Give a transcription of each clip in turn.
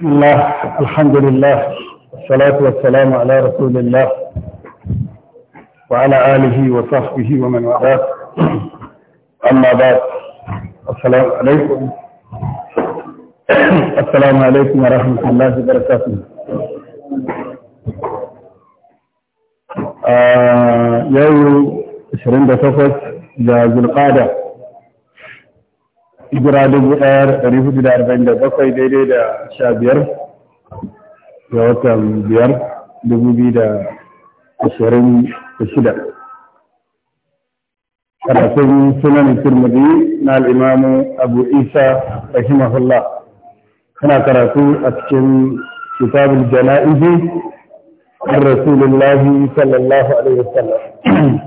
بسم الله الحمد لله والصلاة والسلام على رسول الله وعلى آله وصحبه ومن والاه أما بعد السلام عليكم السلام عليكم ورحمة الله وبركاته آه يوم 28 ذي القعده hijira dubu ɗaya da ɗari hudu da arba'in da bakwai daidai da sha biyar ga watan biyar dubu biyu da ashirin da shida karatun sunan turmudi na al'imamu abu isa rahimahullah kana karatu a cikin kitabul jana'izi an Rasulullah sallallahu alaihi wasallam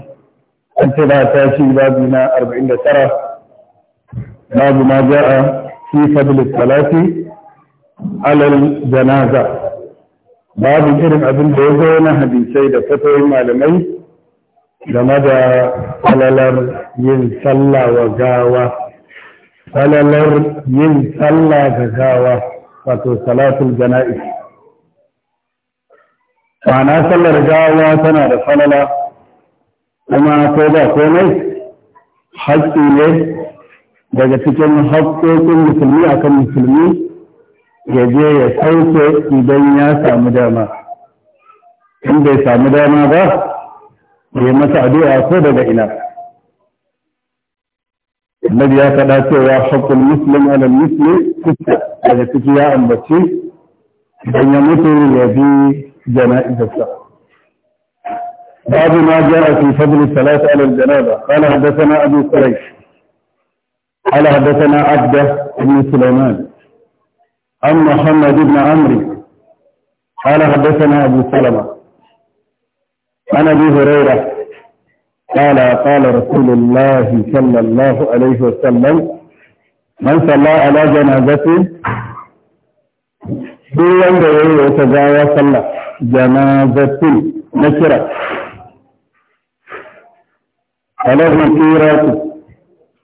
an ce ta shi babu na arba'in da tara باب ما جاء في فضل الصلاة على الجنازة باب إرم أبن دوزونا حديثي دا فتوي معلمي لما دا فللر ينسلى وقاوة فللر ينسلى وقاوة فتو صلاة الجنائز ma'ana sallar gawa tana da falala kuma ko ba komai haƙƙi ne daga cikin haƙƙoƙin musulmi a kan musulmi ya je ya sauke idan ya samu dama in bai samu dama ba ya masa addu'a ko daga ina annabi ya faɗa cewa haƙƙul muslim ala muslim kusa daga ciki ya ambaci idan ya mutu ya bi jana'izarsa باب ما جاء في فضل الصلاة على الجنابة قال حدثنا أبو قريش قال حدثنا عبده بن سليمان عن محمد بن عمرو قال حدثنا ابو سلمه عن ابي هريره قال قال رسول الله صلى الله عليه وسلم من صلى على جنازته duk wanda ya yi wata gawa sallah janazatin na kira.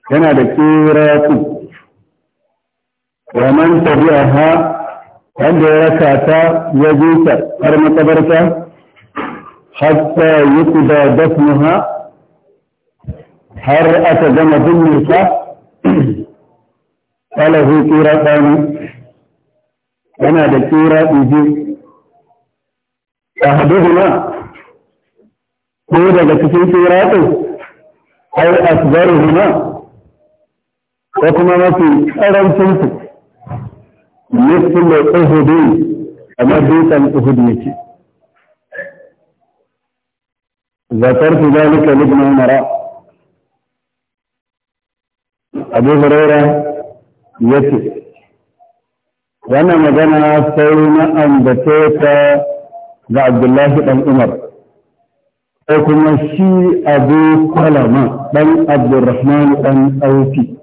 yana da kiratu wa man tabi'aha wanda ya raka ta ya je ta har makabarta hatta yuqda dafnuha har aka gama binne ta falahu qiratani yana da qirati biyu ahaduhuma ko daga cikin qiratin ai asbaruhuma ko kuma mafi karancin su mutum mai tsohudu amma dutsen tsohudu ne ce za nika lubna mara abu hurera ya ce magana sai na ambace ta ga abdullahi Ɗan umar ko kuma shi abu kwalama dan abdurrahman dan aufi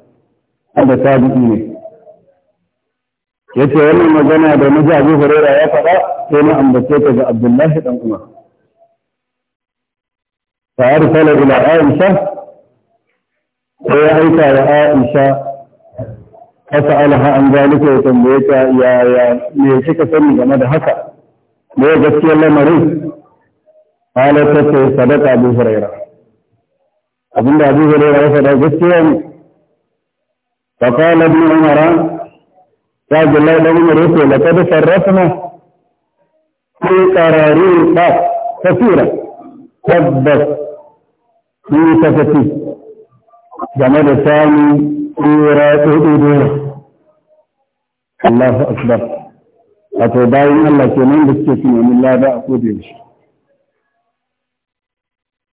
wanda tabi'i ne yace wannan magana da naji Abu Hurairah ya faɗa sai na ambace ta ga Abdullahi dan Umar fa arsala ila Aisha sai ya aika wa Aisha fasa'alaha an zalika ya tambaye ta ya ya me kika sani game da haka me gaskiyar lamarin halata ce sadaka Abu Hurairah abinda Abu Hurairah ya faɗa gaskiya ne فقال ابن عمر قال الله لهم إيه، رسول لقد صرفنا في قرارين قاس كثيرة تبت في تفتي جمال الثاني سورة أدورة الله أكبر أتوباين الله كمان بسكتنا من الله بأقود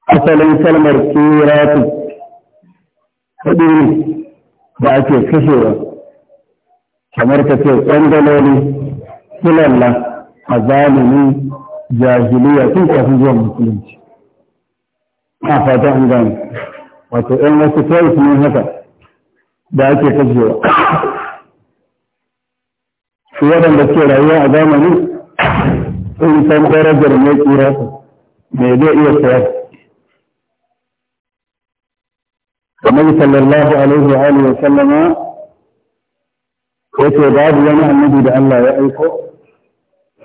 حتى لو سلم الكيرات أدورة da ake kashewa kamar ta ce ƙwandaloli filalla a zalimi jahiliya tun kafin zuwa musulunci a fata an gane wato ɗan wasu kawai ne haka da ake kashewa su waɗanda ke rayuwa a zamani sun san darajar mai tsira mai zai iya tsayar. النبي صلى الله عليه وآله وسلم يتوى باب لنا النبي بأن لا يأيك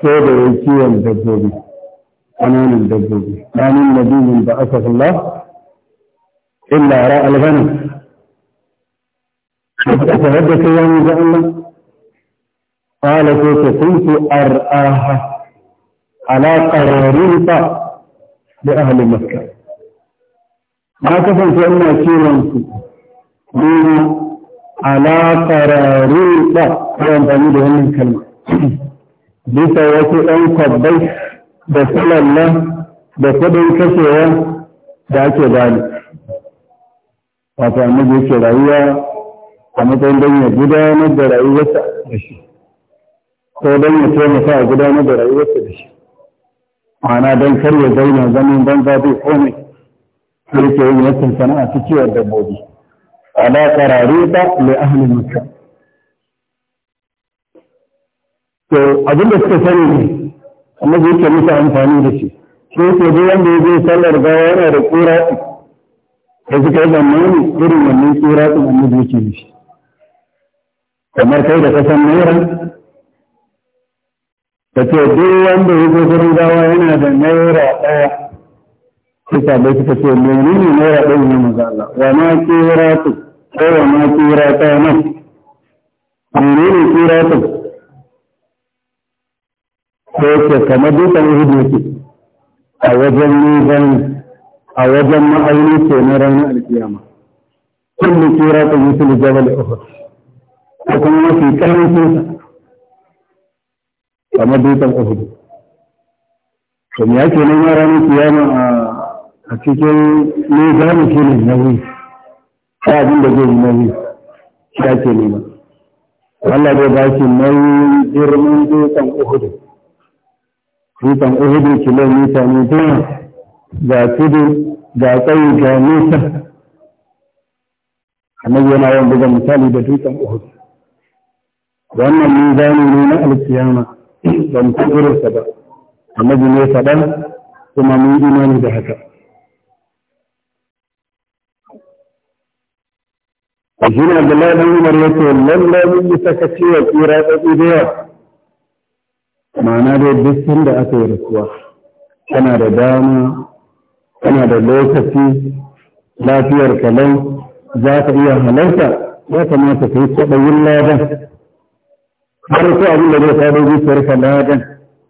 سيد ويكي الدبوبي أمان الدبوبي ما من نبي من بأسف الله إلا راى الغنم أتهدك يا نبي الله قال كيف كنت أرآها على قراريط باهل مكة na kasance ina kiransu. su nuna ala kararin ba ko amfani da wannan kalma bisa wasu ɗan kwabbai da salalla da kudin kashewa da ake bani wato annabi yake rayuwa a matsayin don ya gudanar da rayuwarsa da shi ko don ya taimaka a gudanar da rayuwarsa da shi ma'ana don kar ya zauna zaman banza bai komai da yake yi yankin sana'a ta kiwon dabbobi ala qarari da mai ahalin makka to abin da suka sani ne annabi yake musu amfani da shi shi ke duk wanda ya zai sallar gawa yana da kura da suka yi zamani irin wannan quratin annabi yake mishi kamar kai da kasan naira ta ce duk wanda ya zo gurin gawa yana da naira ɗaya sai sabai suka ce menene naira ɗaya ne manzo Allah wa ma kira ta ko wa ma kira ta nan menene kira ta ko ce kamar dukkan ihudu yake a wajen nizan a wajen ma'auni ce na ranar alkiyama kullu kira ta musul jabal uhud ko kuma mafi karancin sa kamar dukkan ihudu to me yake nan ranar kiyama a a cikin ne za mu ne nauyi ta abin da zai yi nauyi ya ake nema Allah zai ba shi nauyi girman dutsen uhudu dutsen uhudu kilomita ne dama ga tudu ga tsayi ga nesa annabi yana yawan buga misali da dutsen uhudu wannan mizani ne na alkiyama ban kudurinsa ba annabi ne faɗa kuma mun imani da haka Ajiyar Abdullahi ɗan Umar ya lallai mun yi sakaci wa tsira tsatsi da yawa. Ma'ana dai duk da aka yi rasuwa. Kana da dama, kana da lokaci, lafiyar kalau, za ka iya halarta, ya kamata ka yi kwaɗayin ladan. Har ko abin da zai kawo zuciyar ka ladan,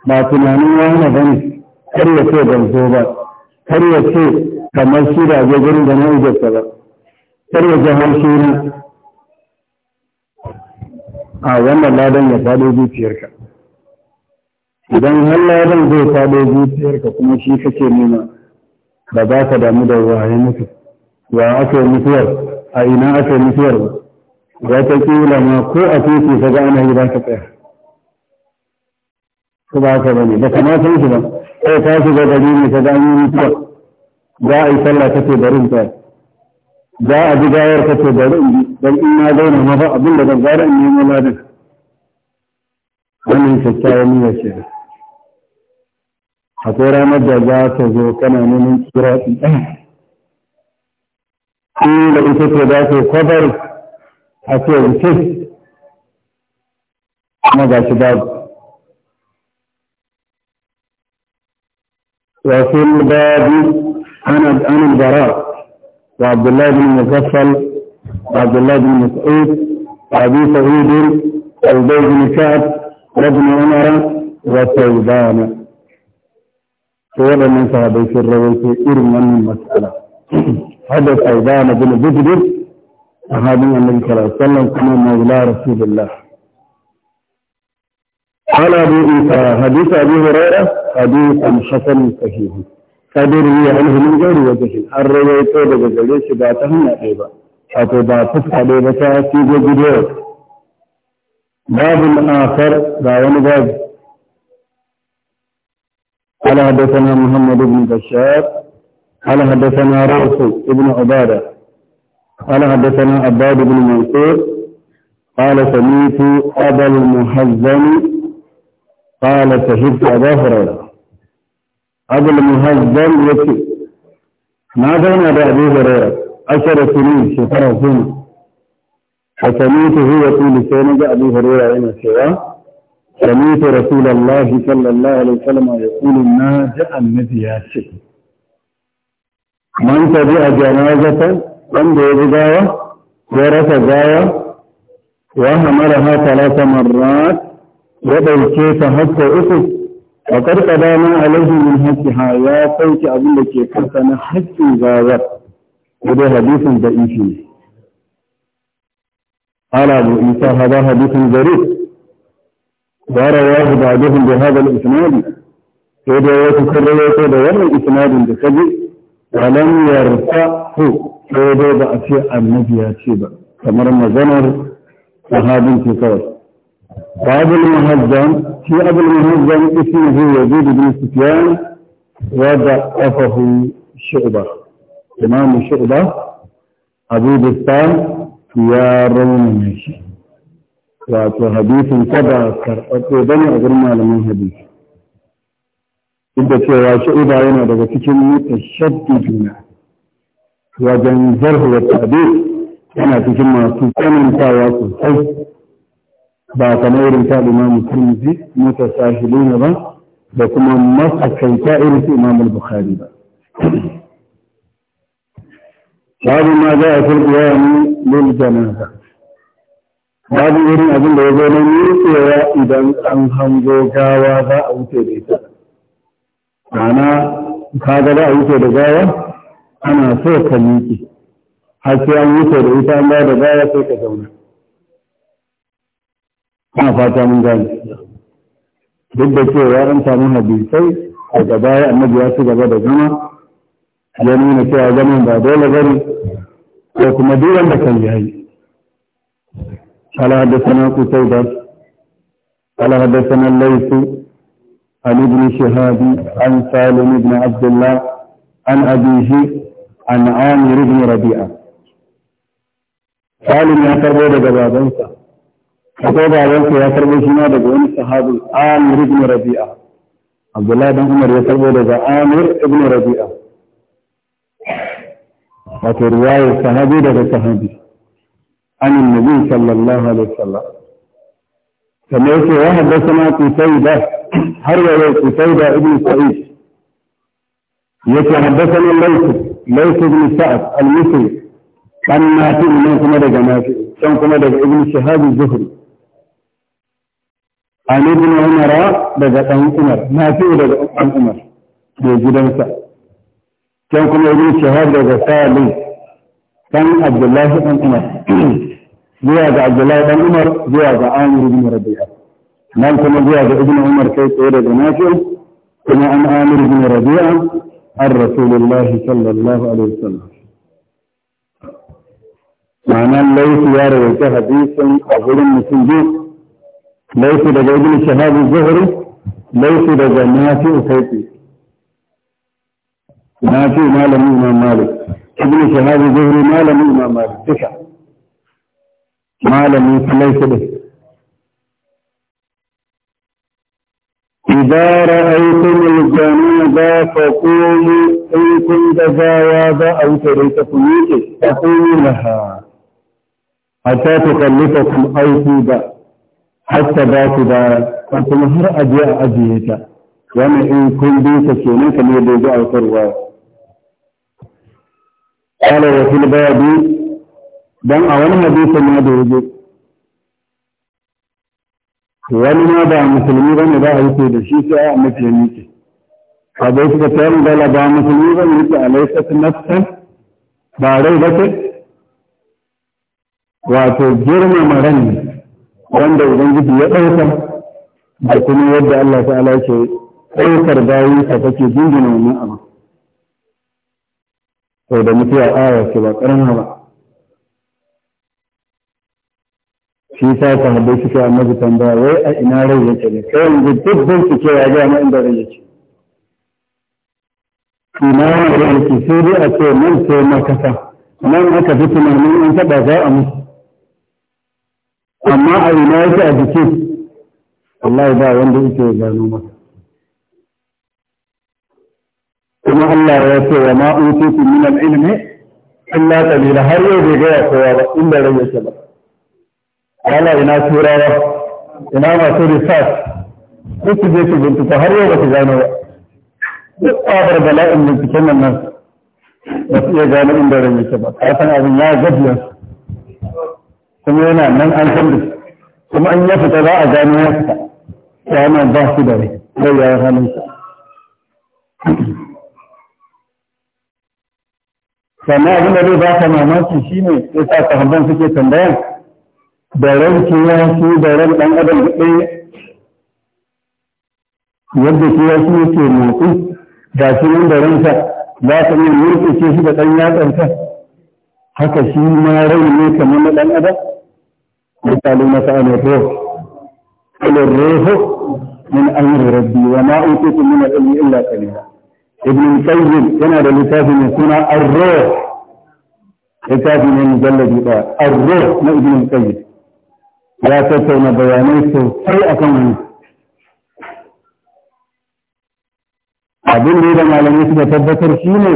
ba tunanin wani ba ne, kar ya ban zo ba, kar ya kamar shi da zai gurin da na ba. kar ya zama shiru a wannan ladan ya faɗo zuciyarka idan har ladan zai faɗo zuciyarka kuma shi kake nema ba za ka damu da waye mutu wa aka yi mutuwar a ina aka yi mutuwar ba wata kila ma ko a titi ka ga ana yi ba ka tsaya ko ba ka bane ba kamata shi ba kai ka shiga gari ne ka ga an yi mutuwar za a yi sallah kake barin tsaya za a ji gawar ka ce bari in dan in na zauna ma ba abin da zan gara in nemo ladan wannan kyakkyawan niyya ce akwai ranar da za ta zo kana neman kira in da ita ce za ta kwabar a ce wuce kuma ga shi babu وفي الباب عن عن البراء وعبد الله بن مغفل وعبد الله بن مسعود وابي سعيد وابي بن كعب وابن عمر وسيدان سورة من صحابي في الرويس إرم من المسألة هذا سيدان بن بدر صحابي النبي صلى الله عليه وسلم كما مولى رسول الله قال أبو عيسى حديث أبي هريرة حديث حسن صحيح تدري عنه من غير وجه الرويت وبغل سباتهم ايضا حتو با تفعل بساتي بجدو باب آخر داون باب هل حدثنا محمد بن بشار هل حدثنا رأس بن عبادة هل حدثنا عباد بن منصور قال سميت أبا المحزن قال شهدت أبا هريرة abu muhazzal ya ما دون أبي أبي هريرة عشر سنين sinin shekara goma فسميته يقول سيدنا أبي هريرة عين السواء سمعت رسول الله صلى الله عليه وسلم يقول ما جاء النبي من تبع جنازة من دور جاية ورث جاية وهمرها ثلاث مرات وبيكيت حتى أسس wa karka da man alaihi min haqqiha ya sauke abin da ke kansa na haƙƙin gawar ko hadisin da ishi ne قال أبو إيسى هذا حديث غريب ورواه بعضهم بهذا الإسناد إذا يتكرر da wannan isnadin da kaji ولم sai إذا ba a ce annabi ya ce ba kamar maganar sahabin ke kawai وابو المهزم في ابو المهزم اسمه يزيد بن سفيان وضعفه شعبه امام شعبه ابو بستان يا رومي وفي حديث كذا كرأتي بني عبر معلم الحديث إذا كي وشعب عينا دقا تكين متشدد لنا وجن ذره والتعبير أنا تكين ما تكين متواصل حيث ba kamar irin ta imam turmizi mutasahiluna ba da kuma matsakaita irin su imam bukhari ba babu ma za a turbi yi lil janaza babu irin abin da ya zo na nutsewa idan an hango gawa za a wuce da ita ana ka ga za a wuce da gawa ana so ka miƙe har sai an wuce da ita an ba da gawa sai ka zauna ana fata mun gane duk da cewa an samu hadisai daga baya annabi ya ci gaba da zama ya nuna cewa zaman ba dole bane ko kuma duk wanda kan yayi قال حدثنا قتيبة قال حدثنا الليث عن ابن شهاب عن سالم بن عبد الله عن أبيه عن عامر بن ربيعة سالم يعتبر بابنسا akwai babansa ya karbo shi ma daga wani sahabi Amir ibn Rabi'a Abdullahi dan Umar ya karbo daga Amir ibn Rabi'a wato riwayar sahabi daga sahabi an annabi sallallahu alaihi wasallam kamar yake ya haddathana Qutayba har wa yau Qutayba ibn Sa'id yake haddathana Layth Layth ibn Sa'ad al-Misri kan nafi ne kuma daga nafi can kuma daga ibn Shihab az-Zuhri عن ابن عمر بدأ ام عمر ما فيه دغه ام عمر دي جدنسا كان كما يقول الشهاب دغه سالي كان عبد الله بن عمر زيادة عبد الله بن عمر زيادة عامر بن ربيعه ما كما زيادة ابن عمر كيف يقول دغه ناصر كما ان عامر بن ربيعه الرسول الله صلى الله عليه وسلم معنى ليس يروي أقول أهل المسلمين Laisu daga ibn shahab az-zuhri laifi daga nafi saifi nafi malamin imam malik ibn shahab az-zuhri malamin imam malik duka malamin laifi da إذا رأيتم الجنازة فقولوا إن كنت جاواب أو تريت فيك فقولوا لها حتى تكلفكم أو تبقى hatta ba ku da ba kuma har a biya a ajiye ta wannan in kun bi ta kenan kamar da ya zo a ruwa qala wa fil babi dan a wani hadisi ne da yaje wani ma ba musulmi bane ba a yi da shi sai a mace ne A bai suka tayar da ba musulmi bane yake alaisa nafsan ba rai ba ce wato girmama ran ne wanda ubangiji ya ɗauka da kuma yadda Allah ta'ala ke ɗaukar bayan ka kake jingina wannan abu sau da mutuwa aya ce ba ƙarama ba shi sa ka haɗe amma annabi ba wai a ina rai ce ne Sai yanzu duk bincike ya ga ma inda rai ce ina rai yake sai dai a ce nan sai makasa nan aka fi tunanin an taɓa za a musu amma a ina yake a jiki wallahi ba wanda yake gano masa kuma Allah ya ce wa ma utitu min al-ilmi illa qalila har yau bai ga kowa ba inda rage yake ba wala ina turawa ina masu research duk je ki bincika har yau ba ku gano ba duk abar bala'in binciken nan nan ba su iya gano inda rage yake ba ka san abin ya gajiya kuma yana nan an san da kuma an ya fita za a gano ya fita ya yana ba su da rai zai ya yi sa sannan abin da zai ba ka mamaki shine ya sa sahabban suke tambaya da ran kiya su da ran ɗan adam ɗaya yadda kiya su yake motsi ga shi nan da ransa za ka yi murƙe shi da ɗan yatsansa haka shi ma rai ne kamar na ɗan adam يسألونك عن الروح قل الروح من أمر ربي وما أوتيتم من العلم إلا قليلا ابن القيم كان من سنة الروح كتاب من مجلد الروح من ابن القيم لا tattauna bayanai sosai a kan wani abin da malamai suka tabbatar shi ne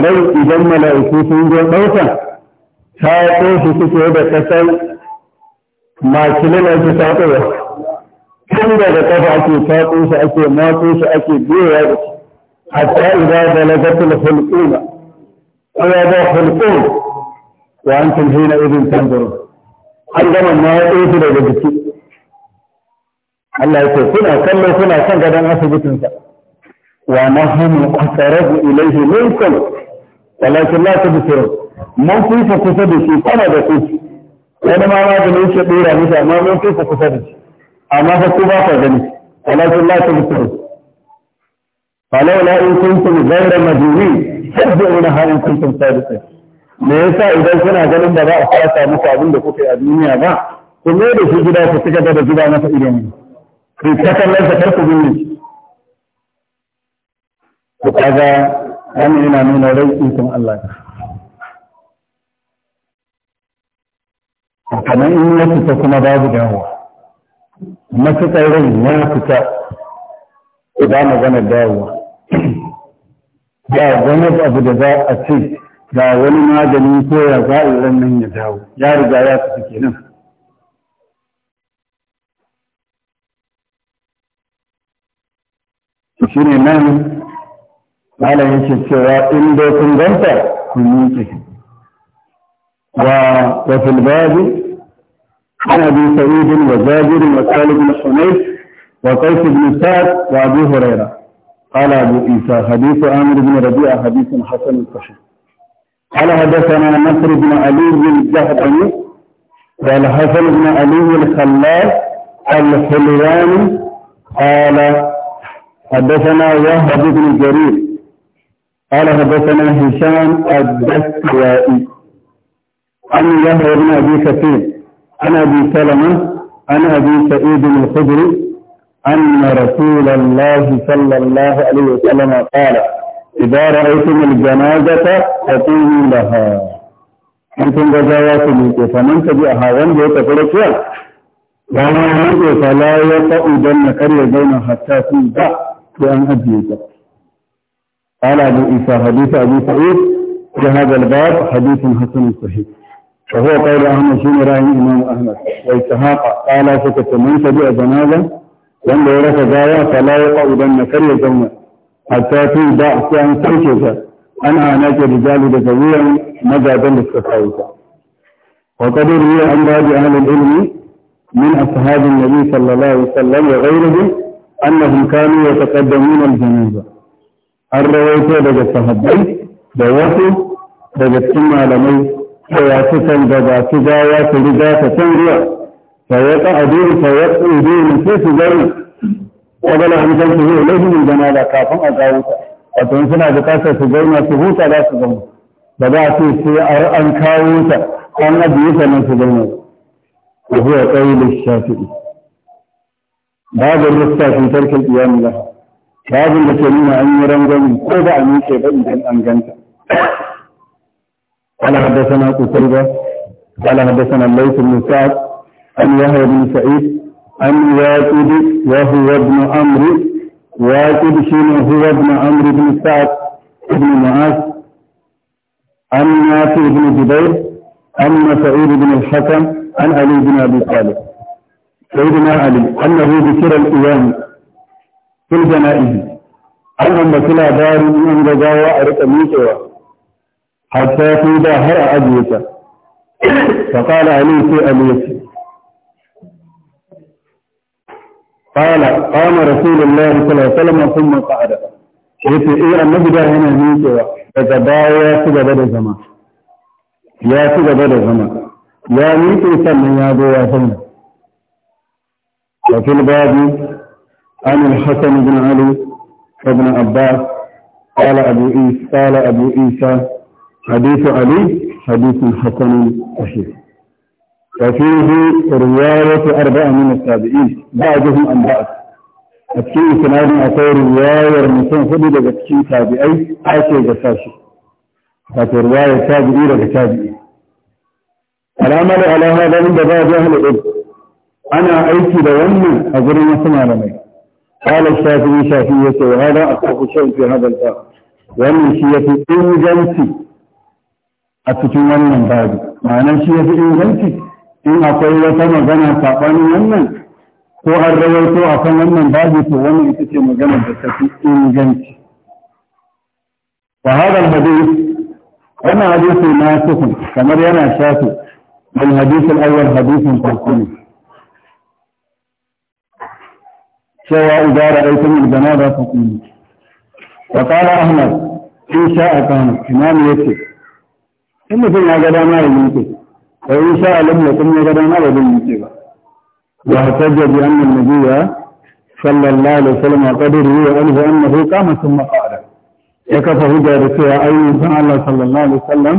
rai idan mala'iku sun zo ɗauka ta ko shi suke da kasar makilin ake takowa tun daga kafa ake tako shi ake mako shi ake biyowa da shi hatta idza balagatul hulquna aw yada hulqun wa antum hina idin tanzurun an gama ma ya shi daga jiki Allah yake kuna kallo kuna kan gadon asibitin sa wa nahnu aqrabu ilayhi minkum walakin la tubsirun mun kusa kusa da shi kana da kusa wani ma maganin ke dora musu amma mun kai ku kusa da shi amma fa ku ba ka gani walakin la tabsuru falawla in kuntum ghayra majnun tabi'unaha in kuntum sadiqin me yasa idan kuna ganin da ba a fasa muku abin da kuka yi a duniya ba ku ne da shi gida ku ci gaba da zuba masa ilimi ku ta nan sa kar ku binne ku kaga wannan yana nuna rai ikon Allah kamar in ya fita kuma babu dawowa matuƙar rai ya fita ba maganar dawowa ba wani abu da za a ce ga wani magani ko ya za a yi nan ya dawo ya riga ya fita kenan shi ne nan malam yake cewa in dai kun ganta ku miƙe wa wa filbabi عن ابي سعيد وجابر وسالم بن حميد وقيس بن سعد وابي هريره قال ابو عيسى حديث عامر بن ربيعه حديث حسن صحيح قال حدثنا نصر بن علي بن الجهضمي قال حسن بن علي الخلاف الحلواني قال حدثنا وهب بن جرير قال حدثنا هشام الدستوائي عن يهب بن ابي كثير عن أبي سلمة عن أبي سعيد الخدري أن رسول الله صلى الله عليه وسلم قال إذا رأيتم الجنازة فقولوا لها أنتم غزاوات ليكي فمن تبعها جئت تفرقها وما يمنع فلا يقع جنة كرية بين حتى تنبع بأن أجيك قال أبو عيسى حديث أبي سعيد في هذا الباب حديث حسن صحيح فهو قول أحمد شين رأي الإمام أحمد واتهاق قال فكت من تبع جنازة لم لو زايا فلا يقع بين كل جنة حتى بعث ان تركك أنا هناك رجال دفويا مدى دل استفاوك وقد روي عن بعض أهل العلم من أصحاب النبي صلى الله عليه وسلم وغيره أنهم كانوا يتقدمون الجنازة الرواية بدات تهدي دواسه بدات السنة على ميت cewa su san da ba su dawa su riga ta san ruwa ta yi ta adini ta yi ta adini su gani wadala an san su zuwa lafi mai zama da kafin a kawo ta wato in suna su gani su huta za su gani da ba su sai a ra'an kawo ta an ajiye ta su gani a zuwa tsayi da shafi babu rufta sun tarke iyamu ba da ke nuna an yi rangwami ko ba a nuke ba idan an ganta قال حدثنا قتيبة قال حدثنا الليث بن سعد عن يحيى بن سعيد عن واكد وهو ابن عمرو واكد شنو هو ابن عمرو بن سعد بن معاذ عن نافع بن جبير عن سعيد بن الحكم عن علي بن ابي طالب سيدنا علي انه ذكر الايام في الجنائز an ambaci دار in an gazawa a حتى في ظاهر أجيسة فقال علي في أليس قال قام رسول الله صلى الله عليه وسلم ثم قعد شريف إيه أن نبدا هنا نيسة فتباوى سيدة بدر زمان يا سيدة بدا زمان يا نيسة سمع يا بو يا وفي الباب عن الحسن بن علي وابن عباس قال أبو إيس قال أبو إيسى, قال أبو إيسى حديث علي حديث حسن صحيح وفيه رواية أربعة من التابعين بعضهم عن بعض أبكي سنادي أقول رواية رمسان فبدا أتكين تابعي آتي جساشي فاتي رواية تابعي لك العمل على هذا من بعض أهل الإبت أنا أيتي لومن أقول ما سمع لمي قال الشافعي شافية وهذا أصح شيء في هذا الآخر ومن شيء في إنجنسي a cikin wannan babu ma'anar shi ya fi inganci in akwai wata magana saɓanin wannan ko an rawaito a kan wannan babu to wannan ita ce magana da ta fi inganci fahadar hadis wannan hadisi na sukun kamar yana shafi min hadisin awwal hadisin farko ne cewa idan ra'aytum al-janaba fa qulu wa qala ahmad in sha'a kana imam yace in mutum ya ga dama ya yanke fa in sha alim ya kun ya ga dama ba zai yanke ba wa hatajja bi anna nabiyya sallallahu alaihi wasallam qad ruwa anhu annahu qama thumma qala ya kafa hujja da cewa ayyukan san Allah sallallahu alaihi wasallam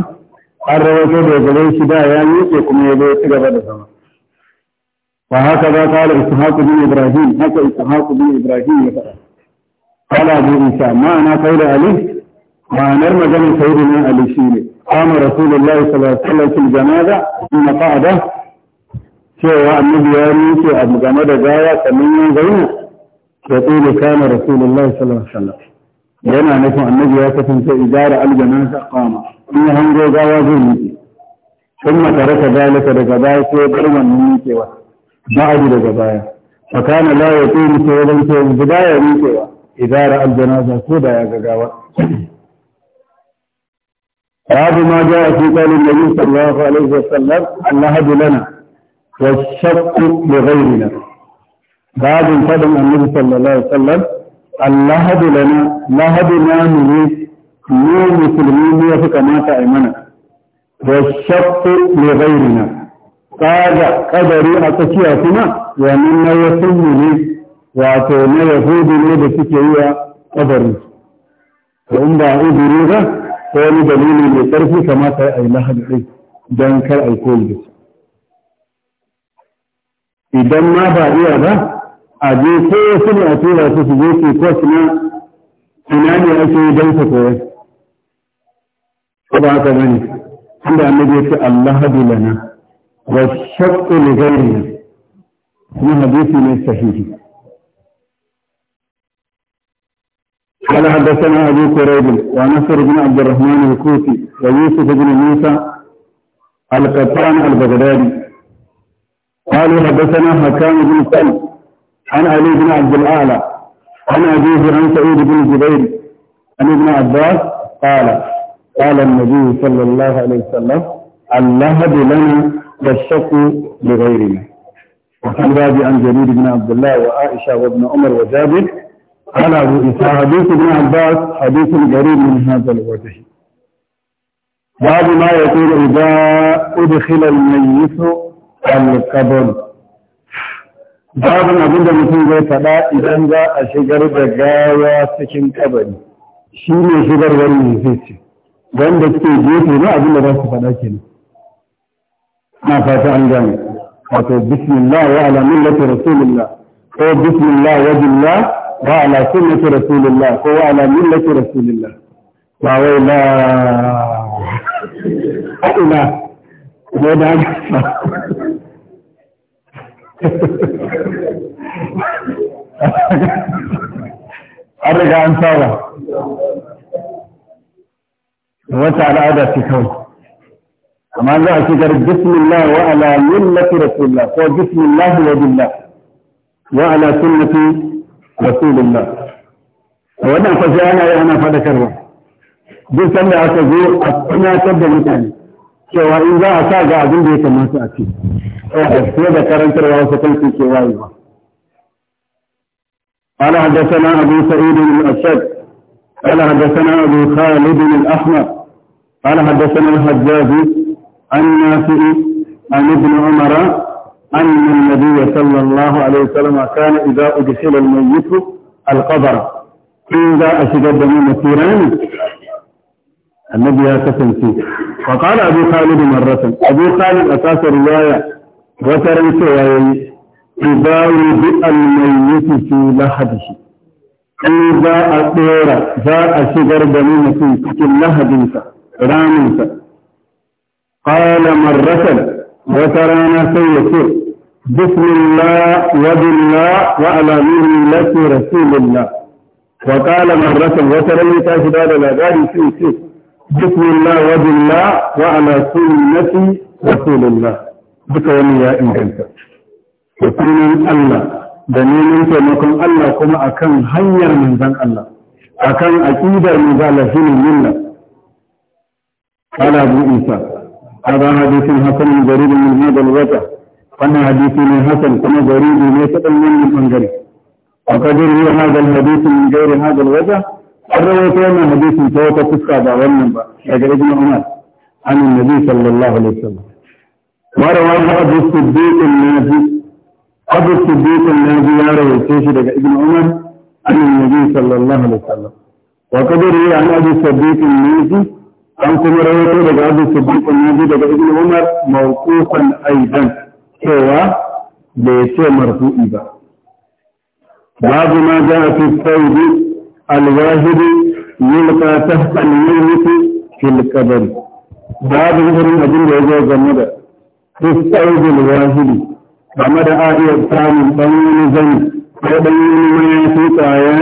an rawaito da gare shi da ya yanke kuma ya zo ya ci gaba da zama وهكذا قال إسحاق بن إبراهيم هكذا إسحاق بن إبراهيم يقرأ قال أبو عيسى ما أنا قيل عليه ma'anar maganar sayyidina ali shine kama rasulullahi sallallahu alaihi wasallam fil inna qa'ada cewa annabi ya miƙe a game da gaya sannan ya zauna ya tsere kana rasulullahi sallallahu alaihi wasallam yana nufin annabi ya kasance idara aljanaza qama in ya hango gawa zai miƙe ثم ترك ذلك لغباية برما من ميكوا بعد لغباية فكان لا يقوم سيدا سيدا بداية ميكوا إذا رأى الجنازة ya ga gawa. باب ما جاء في قول النبي صلى الله عليه وسلم النهج لنا والشق لغيرنا بعد فضل النبي صلى الله عليه وسلم النهج لنا نهج ما نريد نور مسلمين كما تعلمنا والشق لغيرنا قال قدري اتشياتنا ومما يسمني واتونا يهود نور بسكيه قدري وإن وعند عيد ko wani dalili mai ƙarfi kama a yi lahadi ɗin don kar alkohol da idan ma ba iya ba a je ko wasu ne a tura su su je su na ina ne ake yi don su koyar ko ba ka gani inda annabi ya ce allahadu lana wa shaqqu li kuma hadisi ne sahihi قال حدثنا أبو كريب ونصر بن عبد الرحمن الكوفي ويوسف بن موسى القطان البغدادي قالوا حدثنا حكام بن سلم عن علي بن عبد الأعلى عن أبيه عن سعيد بن جبير عن ابن عباس قال قال النبي صلى الله عليه وسلم اللهب لنا والشك لغيرنا وكان راجع عن جرير بن عبد الله وعائشة وابن عمر وجابر قال أبو إسحاق حديث ابن عباس حديث قريب من هذا الوجه بعد ما يقول إذا أدخل الميت القبر babin abin da mutum zai faɗa idan za a shigar da gawa cikin kabari shi ne shigarwar ne zai ce wanda suke gefe na abin da za su faɗa ke nan na fata an gane wato bismillah wa ala millati rasulillah ko bismillah wa billah وعلى سنة رسول الله هو على ملة رسول الله فأولا أولا أولا أرجع أن صار وسع الأداة في كون أما الله تقر بسم الله وعلى ملة رسول الله هو بسم الله وبالله وعلى سنة rasulullah a wannan fasa yana yi ana fadakarwa duk sanda aka zo a tunatar da mutane cewa in za a sa ga abin da ya kamata a ce sai da karantarwa wasu kan ke wayewa قال حدثنا أبو سعيد الأشد قال حدثنا أبو خالد الأحمر قال حدثنا الحجاج عن نافع عن ابن عمر أن النبي صلى الله عليه وسلم كان إذا أدخل الميت القبر إذا أشجد من مسيران النبي هكذا فيه وقال أبو خالد مرة أبو خالد أساس الرواية وترى سواي إذا وضع الميت في لحده إذا أطير ذا أشجد من مسيران في لحدنسا رامنسا قال مرة وترانا سيسير بسم الله وبالله وعلى ملة رسول الله وقال مرة وترمي تاشداد الأغاني في سيف بسم الله وبالله وعلى سنة رسول الله بكوني يا إنجلتا وسنين الله دنين تمكن الله كما أكن هنير من ذن الله أكن أكيد من ذلك ملة قال أبو إيسى هذا حديث حسن غريب من هذا الوجه wannan hadisi ne hasan kuma garibi ne ta ɗan wannan ɓangare a kadir yi hadal hadisi min gairi hadal wajen an rawaito wannan hadisin ta wata fuska ba wannan ba daga ibn umar an annabi sallallahu alaihi wasallam wa rawahu abu siddiq an-nabi abu siddiq an-nabi ya rawaito shi daga ibn umar an annabi sallallahu alaihi wasallam wa kadir yi an abu siddiq an-nabi an kuma rawaito daga abu siddiq an-nabi daga ibn umar mawqufan aidan cewa bai ce marfu'i ba babu ma za a fi sauri alwahiri yulka ta hannun mutu fil babu irin abin da ya zo game da fi sauri alwahiri game da a iya samun ɗan wani zani ko ɗan wani mayafi ya ɗaya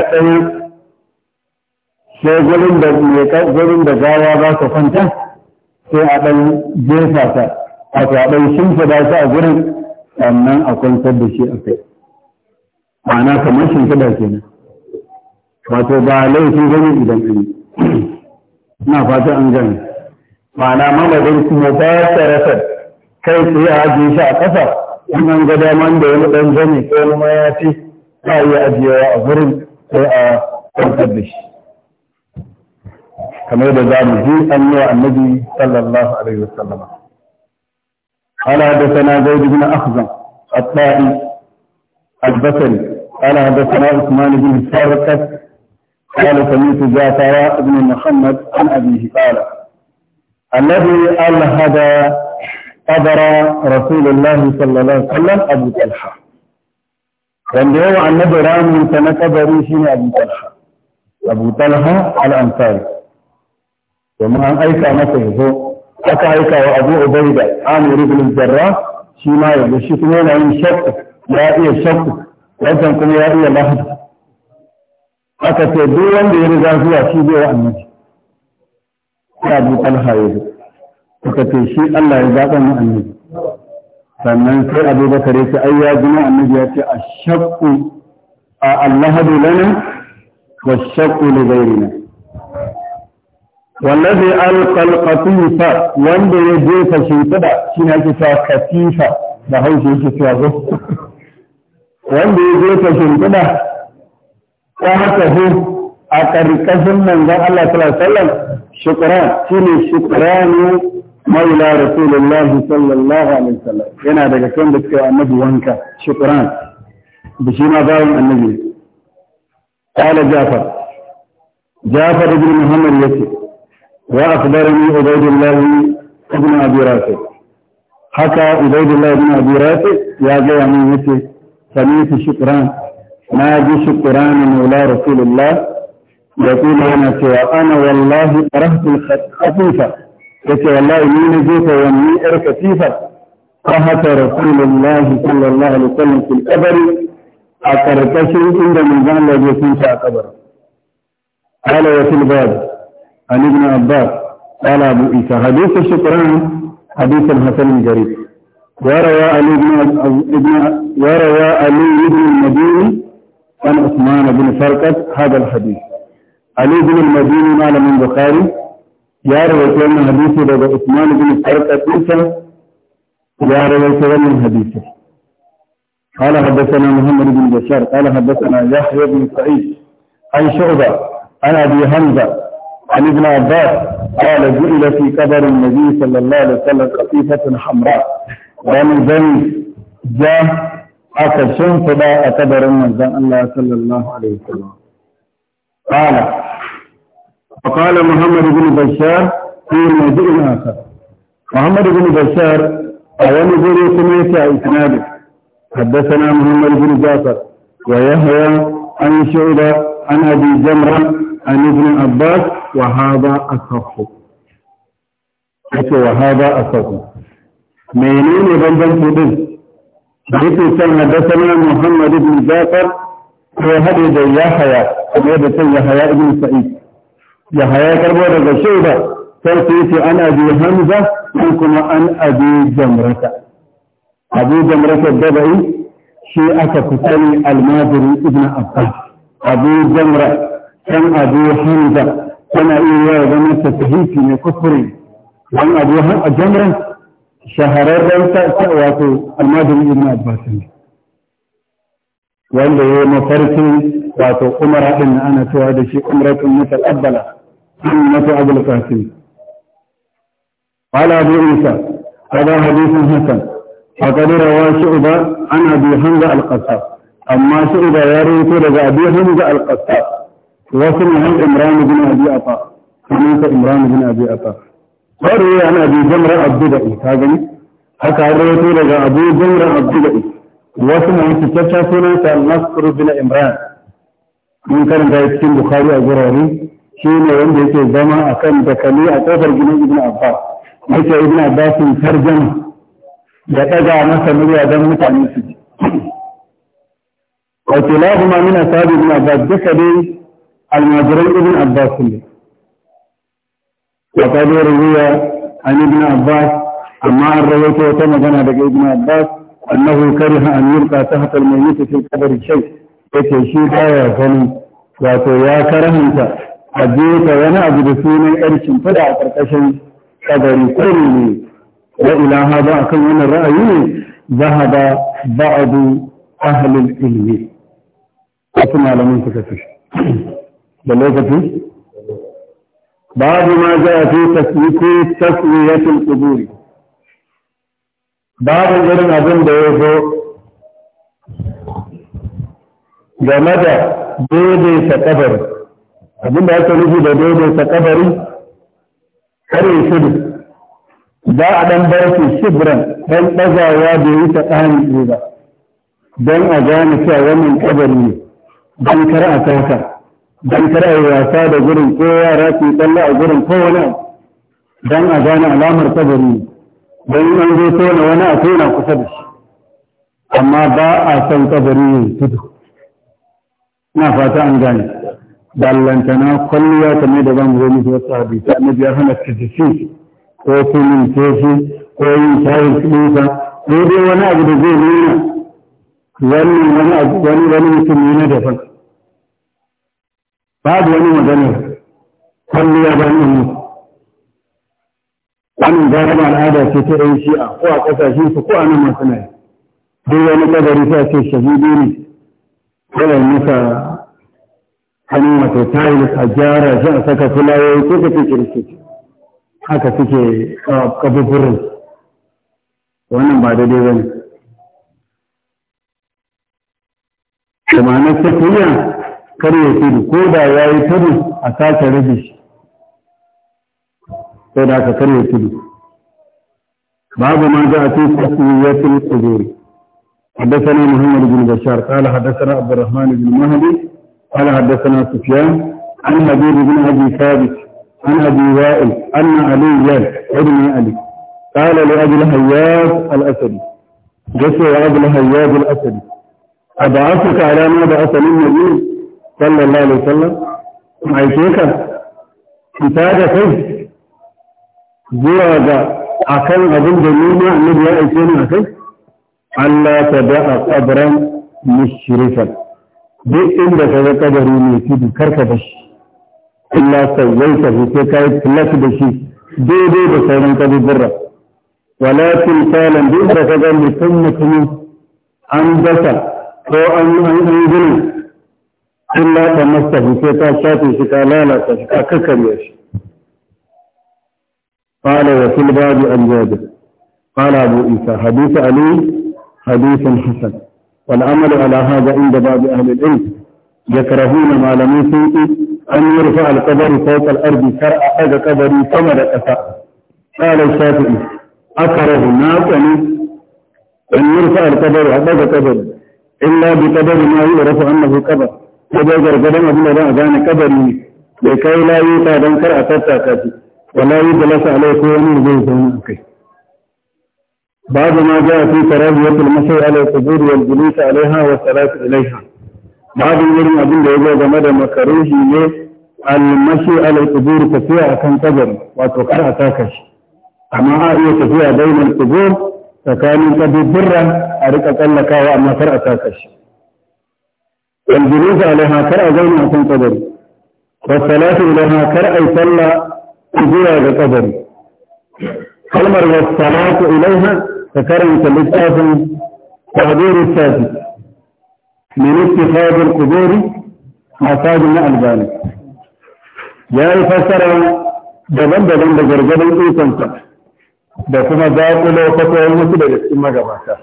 sai gurin da gawa za su kwanta sai a ɗan jefa ta wato a ɗau shimfiɗa shi a gurin sannan a kwantar da shi a kai ma'ana kamar dace kenan wato ba laifin gani idan an yi ina fata an gani ma'ana mamadin kuma ba ta rasa kai yi a ajiye shi a ƙasa in an ga daman da wani ɗan zane ko wani mayafi za a iya ajiyewa a gurin sai a kwantar da shi kamar da za mu ji an yi wa annabi sallallahu alaihi wasallam قال حدثنا زيد بن أخزم الطائي البصري قال حدثنا عثمان بن الفرقس قال سمعت جعفر بن محمد عن أبيه قال الذي ألهد قبر رسول الله صلى الله عليه وسلم أبو طلحة wanda yawa annabi ramin ta na kabari ابو طلحه ابو طلحه الانصاري al ايسى domin هو aka aika wa abu ubaida amir ibn jarra shi ma yanzu shi kuma yana yin shakku ya iya shakku wancan kuma ya iya lahadi aka ce duk wanda ya riga zuwa shi zai wa annabi ya bi talha ya zo aka ce shi Allah ya zaɓa mu annabi sannan sai abu bakar ya ce ai ya gina annabi ya ce a shakku a allahadu lana wa shakku li ghairina wallazi alqal qatifa wanda ya jefa shimfida shine ake cewa katifa da haushi yake cewa go wanda ya jefa shimfida ko haka ho a ƙarƙashin manzon Allah sallallahu alaihi wasallam shukran shine shukranu maula rasulullahi sallallahu alaihi wasallam yana daga kan da suka yi annabi wanka shukran da shi ma bayan annabi قال Jafar Jafar بن muhammad يسير وأخبرني عبيد الله بن أبي رافع حكى عبيد الله بن أبي رافع يا جاي مثل سميت شكران ناجي شكران مولى رسول الله يقول أنا سوى أنا والله كرهت الخفيفة يقول والله مين نجيت ومين إركتيفة قهت رسول الله صلى الله عليه وسلم في القبر أكرتشي عند من ذنب يكون في قبر قال وفي الباب عن ابن عباس قال أبو عيسى حديث الشكران حديث الحسن جريب وروى علي بن ابن وروى علي بن المديني عن عثمان بن فرقد هذا الحديث علي بن المديني من البخاري يا رواه أن حديثه ابو عثمان بن فرقد ليس يا رواه من حديثه قال حدثنا محمد بن بشار قال حدثنا يحيى بن سعيد عن شعبة عن أبي حمزة عن ابن عباس قال جئل في قبر النبي صلى الله عليه وسلم قطيفة حمراء بني بني جاء أكشن فدا أكبر النبي الله صلى الله عليه وسلم قال فقال محمد بن بشار في موضوع آخر محمد بن بشار أولي بني سميت إسناد حدثنا محمد بن جعفر ويحيى عن شعبة عن أبي جمرة عن ابن عباس وهذا أصح أيوة، وهذا أصح منين بنجم تبين بيت كان دسنا محمد بن جعفر هو هذا يا حياة هذا يا حياء بن سعيد يا حياء كربوا هذا الشيء ده تلقيت أن أبي همزة وكما عن أبي جمرة أبي جمرة الدبعي شيء أكا كتاني الماضي ابن أبا أبي جمرة dan abu hamza tana iya yawa zama tafihi mai kuskure dan abu hamza jamran shahararren ta wato almajiri ibn a ne wanda ya mafarki wato umara din ana cewa da shi umratun mutaqabbala sunnatu abul qasim قال أبو عيسى هذا حديث حسن فقد روى شعبة عن أبي حمزة القصاب أما شعبة يروي لدى أبي حمزة القصاب wa kuma han imran bin abi afa kuma ta imran bin abi afa yi ana bi jamra abdu da ta gani haka har yi to daga abu jamra abdu da wa kuma yi tsaccan sunan ta nasr bin mun kan ga cikin bukhari a gurare shi ne wanda yake zama a kan dakali a kofar gidan ibn abbas yake ibn abbas sun tarjama da daga masa murya don mutane su ji. Wa kila kuma muna sabi ibn abbas duka dai almajiran ibn abbas ne wa qad ruwiya an ibn abbas amma an rawaito wata magana daga ibn abbas annahu kariha an yulqa tahta al-mayyit fi al-qabr shay yace shi baya gani wato ya karanta a jefa wani abu da sunan ƙarshen faɗa a ƙarƙashin kadari kuri ne wa ilaha ba akan wannan ra'ayi ne zahaba ba'adu ahlul ilmi wasu malaman suka fi da lokaci babu ma za a fi taswiki taswiyatul tsibiri babu irin abin da ya zo game da daidaita kabari abin da aka nufi da daidaita kabari kare shidu za a dan bar su shibran ɗan ɗagawa da yi ta ɗani ba don a gane cewa wannan kabari ne don kar a kanka dan kada yi wasa da gurin ko yara ke tsalla a gurin ko wani dan a gane alamar kabari don an zo tona wani a tona kusa da shi amma ba a san kabari ne tudu na fata an gane dallantana kwalliya kamar da zan zo musu wasu hadisi annabi ya hana tajisi ko kunin teshi ko yin shayin kuɗinsa ko dai wani abu da zai nuna wani wani wani wani mutum ne na daban babu wani magana kwalliya ba ne wannan galiba al'ada ce ta yan shi'a ko a kasashe su ko a nan masu nai duk wani kadari ta ce shahidi ne yana nufa hannun wato tayin a gyara shi a saka fulawoyi ko ka kirki haka suke kabuburin wannan ba daidai ba ne. Kuma na tafiya kar ya tudu ko da ya yi tudu a sake rage shi sai da aka kar ya babu ma za a ce tasmiyatul حدثنا محمد بن بشار قال حدثنا عبد الرحمن بن مهدي قال حدثنا سفيان عن حبيب بن ابي ثابت عن ابي وائل ان عليا ابن علي قال لابي الهياج الاسدي جسر ابي الهياج الاسدي ابعثك على ما بعثني النبي sallallahu alaihi wasallam aike ka fita da kai zuwa ga akan abin da ni ma annabi ya aike ni akai Allah ta da'a qabran mushrifan duk inda ka ga kadari ne ki karka da shi illa sawaita shi sai kai plus da shi daidai da sauran kaburra walakin kalan duk da ka ga mutum mutumin an dasa ko an an gina in latsa masa sai ta shafe shi ta lalata shi ta قال وفي الباب عن جابر قال أبو عيسى حديث علي حديث حسن والعمل على هذا عند بعض أهل العلم يكرهون ما لم يسوء أن يرفع القبر فوق الأرض شرع هذا قبري ثمر كفاء قال الشافعي أكره ناقني أن يرفع القبر هذا قبر إلا بقدر ما يعرف أنه قبر ko dai gargadan abin da za a gane kabari ne bai kai layu ta don kar a tattaka shi wala yi da lasa alai ko wani zai zauna a kai بعد ما جاء في كراهية المسيح على القبور والجلوس عليها والصلاة إليها بعض العلم أبن يجا جمد مكروه ne المشي على القبور tafiya kan kabar wato kar a taka shi amma a iya tafiya bainal qubur tsakanin kaburbura a rika tsallakawa amma kar a taka shi والجلوس عليها كرأ زينة عشان قدري والصلاة إليها كرأ صلى زيادة قدري كلمر والصلاة إليها فكرم كالإساف تعبير السافي من اتخاذ القبور مساج من ذلك يا يعني فسر دبن دبن بجرجل إيسانسا da kuma zaƙulo fatayen wasu daga cikin magabata.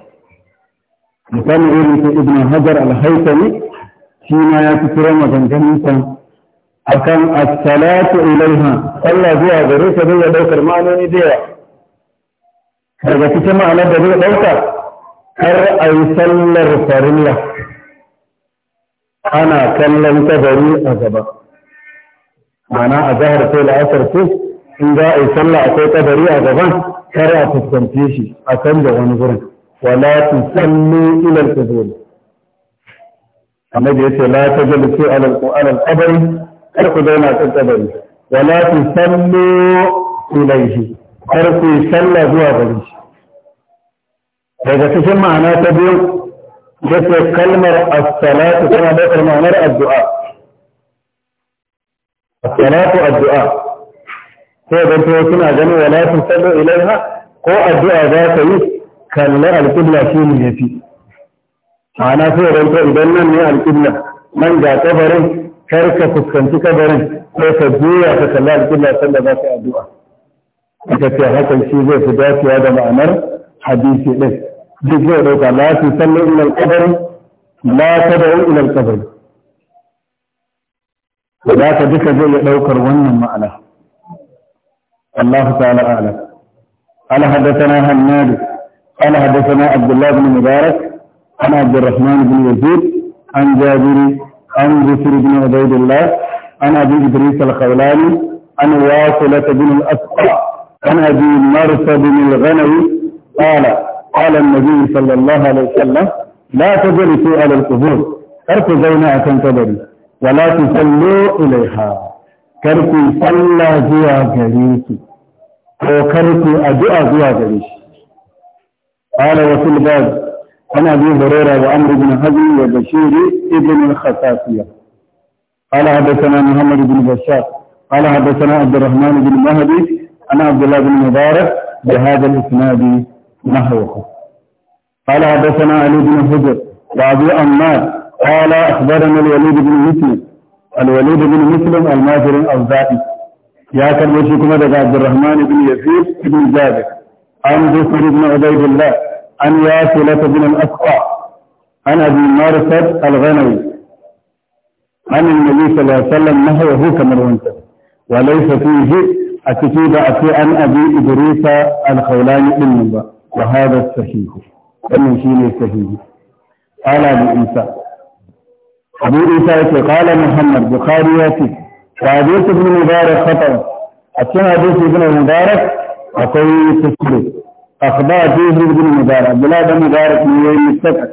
Musamman irin su Ibn Hajar al-Haitami شما يكثر مجنجنسا أكام الصلاة إليها صلى بها بروسة بها دوكة المعنون ديها هذا كما أنا بها دوكة هر أي صلى رسالة أنا كان لن تبري أزبا أنا أزهر في الأسر فيه إن جاء صلى أكوت بري أزبا هر أتفكم فيه أكام جوان ولا تسلوا إلى الكذول annabi yace la tajlisu ala al-qur'an al-qabr kar ku zauna kan kabari wa la tusallu ilayhi kar ku salla zuwa gare shi daga cikin ma'ana ta biyu yace kalmar as-salatu tana da ma'anar addu'a as-salatu addu'a sai da to suna ganin wa la tusallu ilayha ko addu'a za ka yi kallar al-qibla shi ne yafi ana sai ranto idan nan ne alƙibla nan ga kabarin kar ka fuskanci kabarin ko ka juya ka kalli alƙibla sanda za ka addu'a ita ce hakan shi zai fi dacewa da ma'anar hadisi din duk zai ɗauka la su sallu ila alƙabarin la tad'u ila alƙabarin za ka duka zai ya ɗaukar wannan ma'ana Allah ta'ala a'lam قال حدثنا هناد قال حدثنا عبد الله بن مبارك عن عبد الرحمن بن يزيد عن جابر عن بشر بن عبيد الله عن أبي إدريس الخولاني عن واصلة بن الأسقى عن أبي مرثد بن الغنوي قال قال النبي صلى الله عليه وسلم لا تجلسوا على القبور تركوا زينة تنتظر ولا تصلوا إليها karku صلى زوى كريسي ki ادعى زوى كريسي قال وفي الباب عن أبي هريرة وعمر بن هدي وبشير ابن الخفافية قال حدثنا محمد بن بشار قال حدثنا عبد الرحمن بن مهدي عن عبد الله بن مبارك بهذا الإسناد نحوه قال حدثنا علي بن حجر وأبي عمار قال أخبرنا الوليد بن مسلم الوليد بن مسلم الماجري الأوزاعي يا كان وشيكما عبد الرحمن بن يزيد بن جابر عن جسر بن عبيد الله عن ياسلة بن الأسقى عن أبي مرثد الغنوي عن النبي صلى الله عليه وسلم نهيه كما الأنثى وليس فيه أكتب أتي عن أبي إدريس الخولاني بن وهذا الصحيح ومن شيء الصحيح قال أبي عيسى أبو عيسى قال محمد بخاري ياتي وحديث ابن مبارك خطأ أتي حديث ابن مبارك أقول تسلم أخبار فيه ابن مبارك بلاد مبارك من يوم السبعة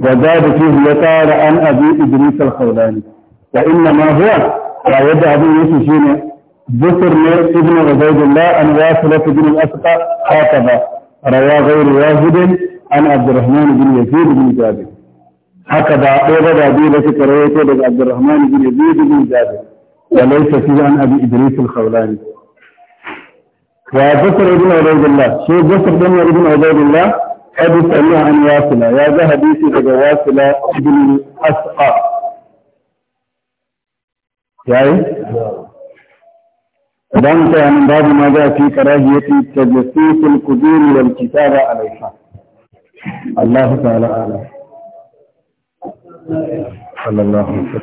وزاد فيه يقال عن أبي إدريس الخولاني وإنما هو لا يذهب إليه شيء ذكر ابن عبيد الله أن واصلة بن الأسقى خاطبة روى غير واحد عن عبد الرحمن بن يزيد بن جابر هكذا أيضا أبي لك رويته عبد الرحمن بن يزيد بن جابر وليس فيه عن أبي إدريس الخولاني وبكر ابن عبيد الله شو بكر بن ابن عبيد الله حدث أنه عن واصله يا ذهبي حديثي لدى ابن أسقى يعني دمت عن باب ما جاء في كراهية تجسيس القدور والكتاب عليها الله تعالى أعلم صلى الله عليه وسلم